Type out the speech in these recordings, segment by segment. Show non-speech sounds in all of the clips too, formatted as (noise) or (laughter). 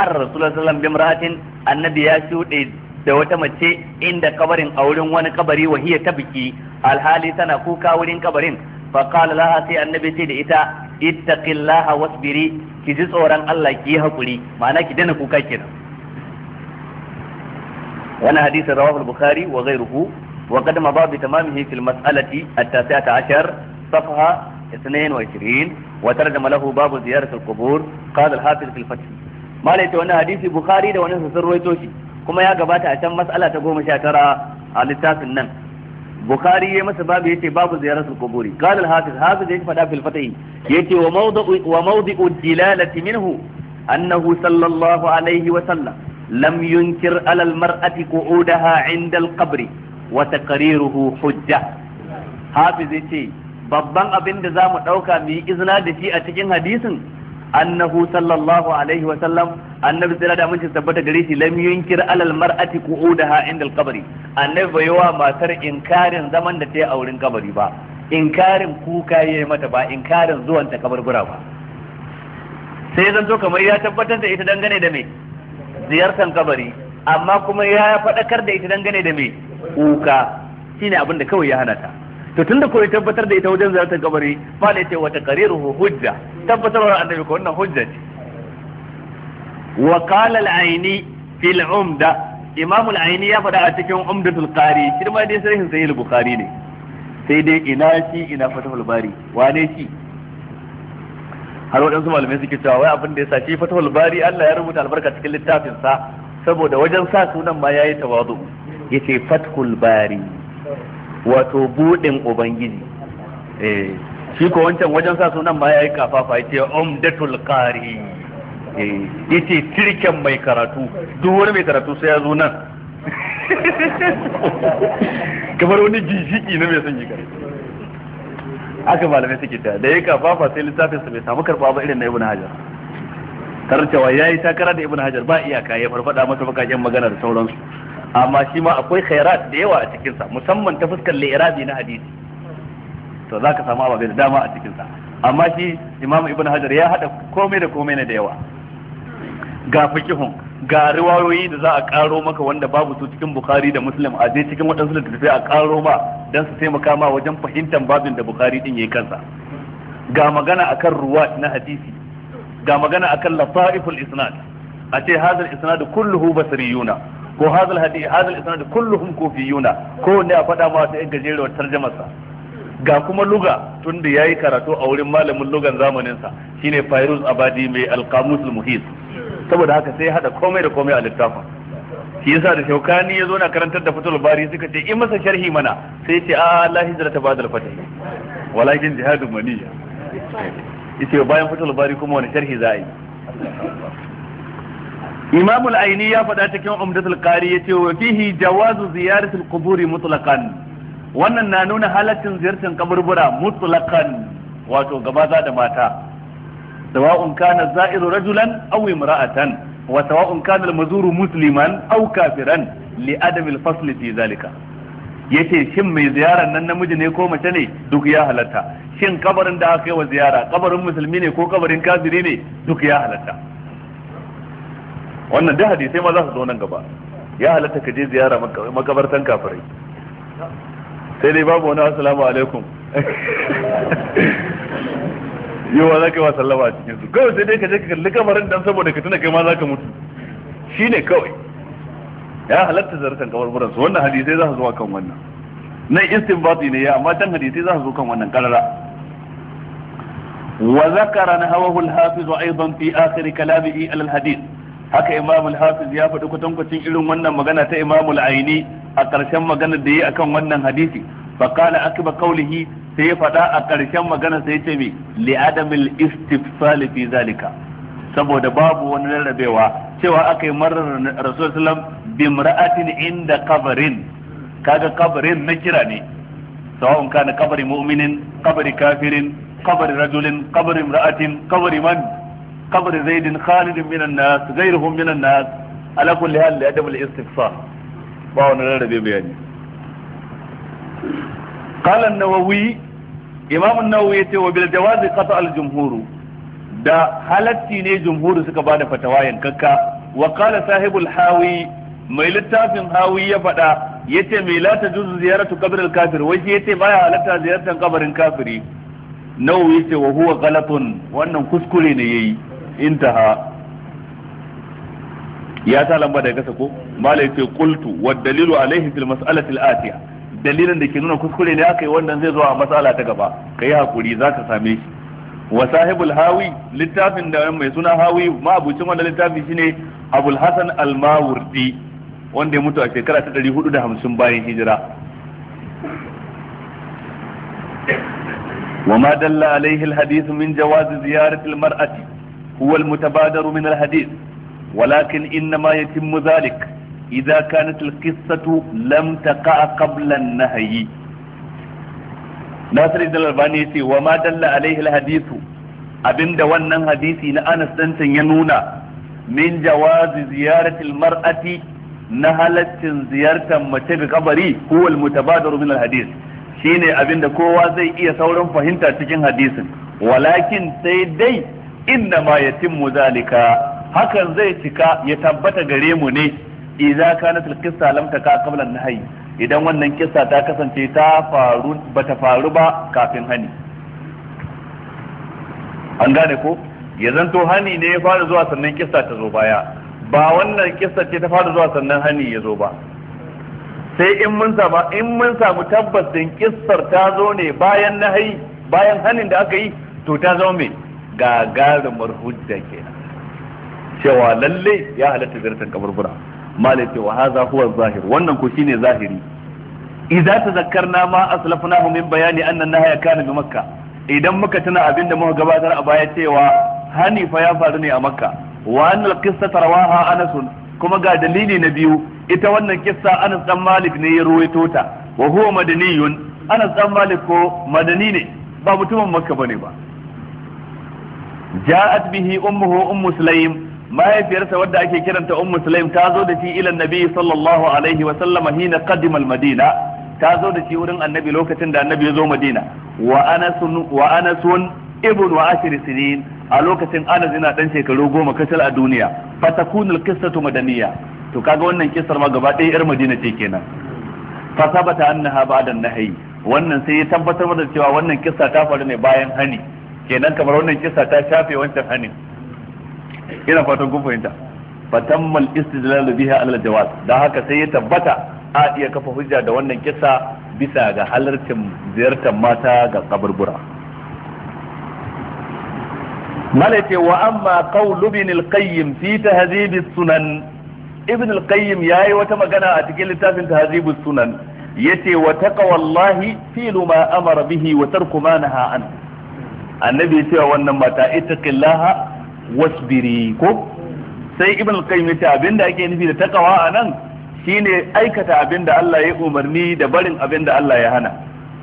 marar rasulullah bin alaihi annabi ya shuɗe da wata mace inda kabarin a wurin wani kabari wa hiya tabki alhali tana kuka wurin kabarin fa qala laha sai annabi ce da ita ittaqillaha wasbiri ki ji tsoron Allah ki yi hakuri ma'ana ki dana kuka kenan wannan hadisin rawahu al-bukhari wa ghayruhu wa qad ma babu tamamihi fil mas'alati at-tasi'ata ashar صفحة 22 وترجم له باب زيارة القبور قال الحافظ في الفتح malai ta wannan hadisi bukhari da wani sun rawaito shi kuma ya gabata a can mas'ala ta goma sha tara a littafin nan bukhari ya masa babu yace babu ziyarar kuburi qala al-hafiz hafiz yace fada fil fatih yace wa mawdu'u wa mawdu'u dilalati minhu annahu sallallahu alaihi wa sallam lam yunkir ala al-mar'ati qu'udaha 'inda al-qabri wa taqriruhu hujja hafiz yace babban abin da zamu dauka mu yi izina da shi a cikin hadisin annahu sallallahu alaihi wa sallam annabi sai da mun tabbata gare shi lam yunkir alal mar'ati qu'udaha inda al-qabri annabi bai wa matar inkarin zaman da ta yi a wurin kabari ba inkarin kuka yi mata ba inkarin zuwan ta kabarbura ba sai zan to kamar ya tabbatar da ita dangane da me ziyartar kabari amma kuma ya faɗakar da ita dangane da me kuka shine abin da kawai ya hana ta to tunda ko ya tabbatar da ita wajen ziyartar kabari fa da yace wata qariruhu hujja tabbatarwar annabi ko wannan hujja ce wa qala al-aini fil umda imam al-aini ya fada a cikin umdatul qari shi ma dai sahihin sai al-bukhari ne sai dai ina shi ina fatahul bari wane shi har waɗansu malamai suke cewa wai abin da ya sa shi fatahul bari Allah ya rubuta albarka cikin littafin sa saboda wajen sa sunan ma yayi tawazu yace fatahul bari wato budin ubangiji eh, shi ko wancan wajen sa sunan ma yi kafafa ce umdatul qari eh yace tirken mai karatu duk wani mai karatu sai ya zo nan (laughs) kamar wani jijiki na mai son yi karatu aka malamai suke ta da yayi kafafa sai littafin su bai samu karba ba irin na Ibn hajar tarcewa yayi takara da Ibn hajar ba iyaka ya farfada masa bakakken magana da sauransu amma shi ma akwai khairat da yawa a cikinsa musamman ta fuskar li'irabi na hadisi to za ka samu ababe da dama a cikinsa amma shi imam ibn hajar ya haɗa komai da komai ne da yawa ga fikihun ga riwayoyi da za a karo maka wanda babu su cikin bukhari da muslim a dai cikin waɗansu littattafai a karo ma don su taimaka ma wajen fahimtar babin da bukhari din yayi kansa ga magana akan ruwat na hadisi ga magana akan lafaiful isnad a ce hadal isnad kulluhu basriyuna ko hadal hadith hadal isnad kulluhum kufiyuna ko ne a fada ma sai gajerewa tarjumar sa ga kuma luga tunda yayi karatu a wurin malamin lugan zamanin sa shine Fairuz Abadi mai al-Qamus saboda haka sai hada komai da komai a littafin shi yasa da shaukani ya zo na karantar da fatul bari suka ce in masa sharhi mana sai ce a la hijrata ba'da fatih walakin jihadun maniyya yace bayan fatul bari kuma wani sharhi za a yi Imam aini ya faɗa cikin Umdatul Qari yace wa fihi jawazu ziyaratul quburi mutlaqan wannan na nuna halaccin ziyartar kaburbura mutlaqan wato gaba za da mata sawa'un kana za'iru rajulan aw imra'atan wa sawa'un kana al-mazuru musliman aw kafiran li adam al-fasl fi zalika yace shin mai ziyarar nan namiji ne ko mace ne duk ya halatta shin kabarin da aka yi wa ziyara kabarin musulmi ne ko kabarin kafiri ne duk ya halatta wannan duk hadisai ma za su zo nan gaba ya halatta ka je ziyara makabartan kafirai sai dai babu wani assalamu alaikum (laughs) yawa za ka yi wa sallama a cikin su kawai sai dai ka je ka kalli kamarin dan saboda ka tuna kai ma za ka mutu shine kawai ya halatta zartan kabarburan su wannan hadisai za su zo kan wannan nan istinbati ne ya amma can hadisai za su zo kan wannan karara وذكر نهوه الحافظ أيضا في آخر كلامه على الحديث haka imam al-hafiz ya faɗi kwatankwacin irin wannan magana ta imam al-aini a ƙarshen magana da yi akan wannan hadisi fa qala akba qawlihi sai ya faɗa a ƙarshen magana sai ya ce me li adamil istifsal fi zalika saboda babu wani rarrabewa cewa aka yi marar rasul bi inda qabrin kaga kabarin na kira ne sawa'un kana qabri mu'minin qabri kafirin qabri rajulin qabri imra'atin qabri man qabr zaidin khalid min an-nas ghayruhum min an-nas ala kulli hal li adab al-istighfar ba wani rarrabe bayani qala an-nawawi imam an-nawawi yace wa bil jawazi qata da halatti ne jumhur suka bada fatawa yankakka wa qala sahibul hawi mai littafin hawi ya faɗa yace mai la tajuzu ziyaratu qabr al ya wai yace baya halatta ziyartar kabarin kafiri nawawi yace wa huwa ghalatun wannan kuskure ne yayi intaha ya ta lamba da gasa ko mala ce qultu wa dalilu alaihi fil mas'alati al-atiya dalilan da ke nuna kuskure ne akai wannan zai zo a mas'ala ta gaba kai hakuri zaka same shi wa sahibul hawi littafin da mai suna hawi ma abucin wannan littafi shine abul hasan al-mawardi wanda ya mutu a shekara ta 450 bayan hijira وما دل عليه الحديث من جواز زيارة المرأة هو المتبادر من الحديث ولكن إنما يتم ذلك إذا كانت القصة لم تقع قبل النهي ناصر الدين الألباني وما دل عليه الحديث abinda wannan hadisi na Anas dantan ya nuna min jawazi ziyaratil mar'ati na halaccin ziyartar mace ga kabari huwal mutabadaru min alhadis shine abinda kowa zai iya saurin fahimta cikin hadisin walakin sai dai inna ma yatimmu zalika hakan zai cika ya tabbata gare mu ne idza kanat alqissa lam taka qabla nahyi idan wannan kissa ta kasance ta faru bata faru ba kafin hani an gane ko ya zanto hani ne ya fara zuwa sannan kissa ta zo baya ba wannan kissa ce ta fara zuwa sannan hani ya zo ba sai in mun samu in mun samu tabbas kissar ta zo ne bayan nahyi bayan hanin da aka yi to ta zo mai. gagarumar hujja kenan cewa lalle ya halatta ziyartar kaburbura malai cewa haza huwa zahir wannan ko shine zahiri Idan ta idza na ma aslafnahu min bayani anna nahaya kana bi makka idan muka tuna abinda muka gabatar a baya cewa hani fa ya faru ne a makka wa annal qissata rawaha anas kuma ga dalili na biyu ita wannan kissa Anas dan Malik ne ya ruwaito ta wa huwa madaniyun Anas dan Malik ko madani ne ba mutumin Makka bane ba ja'at bihi ummuhu ummu sulaim mahaifiyarsa wadda ake kiranta ummu sulaim ta zo da shi ila annabi sallallahu alaihi wa hina qadima al-madina ta zo da shi wurin annabi lokacin da annabi ya zo madina wa anasun wa ibn wa ashir sinin a lokacin anas yana dan shekaru goma kasal a duniya fatakunul qissatu madaniya to kaga wannan kissar ma gaba ɗaya yar madina ce kenan fa sabata annaha ba'da an wannan sai ya tabbatar da cewa wannan kissa ta faru ne bayan hani kenan kamar wannan kisa ta shafe wancan hanin ina fatan kun fahimta fatammal istidlal biha ala jawaz da haka sai ya tabbata a iya kafa hujja da wannan kisa bisa ga halartin ziyartar mata ga kaburbura malaka wa amma qawl ibn al-qayyim fi tahdhib sunan ibn al-qayyim yayi wata magana a cikin littafin tahdhib sunan yace wa taqwallahi fi ma amara bihi wa tarku ma nahaa anhu annabi ya cewa wannan mata ittaqillaha wasbiri ko sai ibn al-qayyim ya ce abinda ake nufi da takawa anan shine aikata abinda Allah ya umarni da barin abinda Allah ya hana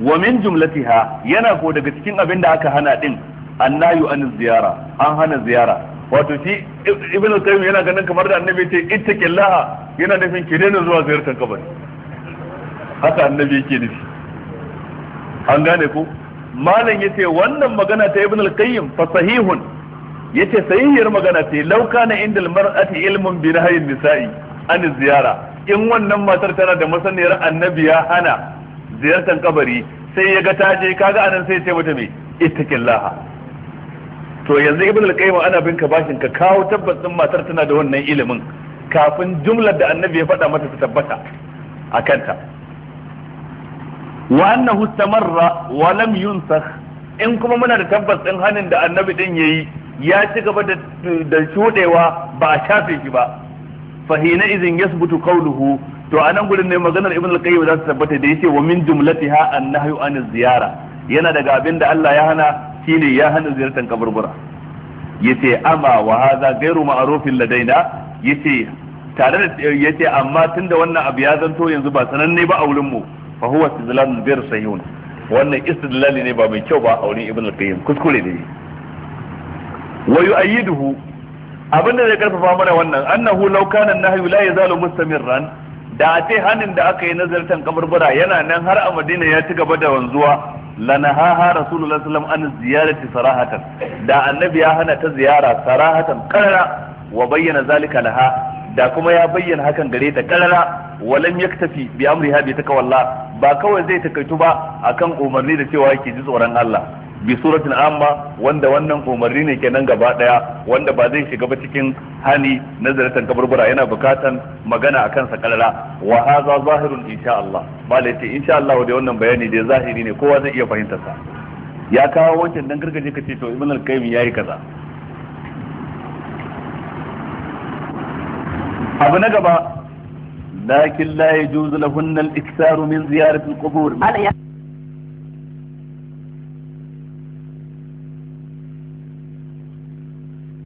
wa min jumlatiha yana ko daga cikin abinda aka hana din annayu an ziyara an hana ziyara wato shi ibn al-qayyim yana ganin kamar da annabi ya ce ittaqillaha yana nufin ki daina zuwa ziyartar kabari haka annabi yake nufi an gane ko malam yace wannan magana ta ibn al-qayyim fa sahihun yace sahihiyar magana ce lauka na indal mar'ati ilmun bi nahyin nisa'i an ziyara in wannan matar tana da masaniyar annabi ya hana ziyartar kabari sai ya ga ta je kaga anan sai ya ce mata me ittaqillaha to yanzu ibn al-qayyim ana bin ka bashin ka kawo tabbacin matar tana da wannan ilimin kafin jumlar da annabi ya faɗa mata ta tabbata a kanta wa annahu istamarra wa lam yunsakh in kuma muna da tabbas din hanin da annabi din yayi ya ci gaba da da shudewa ba a shafe shi ba fa hina idhin yasbutu qawluhu to anan gurin ne maganar ibn al-qayyim za ta tabbata da yace wa min jumlatiha an-nahyu ziyara yana daga abinda da Allah ya hana shine ya hana ziyartar kaburbura yace amma wa hadha ghairu ma'rufin ladaina yace tare da yace amma tunda wannan abu ya zanto yanzu ba sananne ba a wurin mu fa huwa istidlalun bir wannan istidlali ne ba mai kyau ba a wurin ibn al-qayyim kuskure ne wa yu'ayyiduhu abinda zai karfafa mana wannan annahu law kana an-nahyu la yazalu mustamirran da a ce hannun da aka yi nazartan kabarbara yana nan har a madina ya ci gaba da wanzuwa lanahaha rasulullah sallam an ziyarati sarahatan da annabi ya hana ta ziyara sarahatan karara wa bayyana zalika laha da kuma ya bayyana hakan gare ta karara ya yaktafi bi amri amriha ta kawalla ba kawai zai takaitu ba akan umarni da cewa yake ji tsoron Allah bi suratul amma wanda wannan umarni ne kenan gaba daya wanda ba zai shiga ba cikin hani na kaburbura yana bukatan magana akan sa karara wa hadha zahirun insha Allah malaiti insha Allah da wannan bayani da zahiri ne kowa zai iya fahimtar sa ya kawo wancan dan gargaje kace to ibn al-qayyim yayi kaza abu na gaba lakin la yajuzu lahunna al-iktaru min ziyarati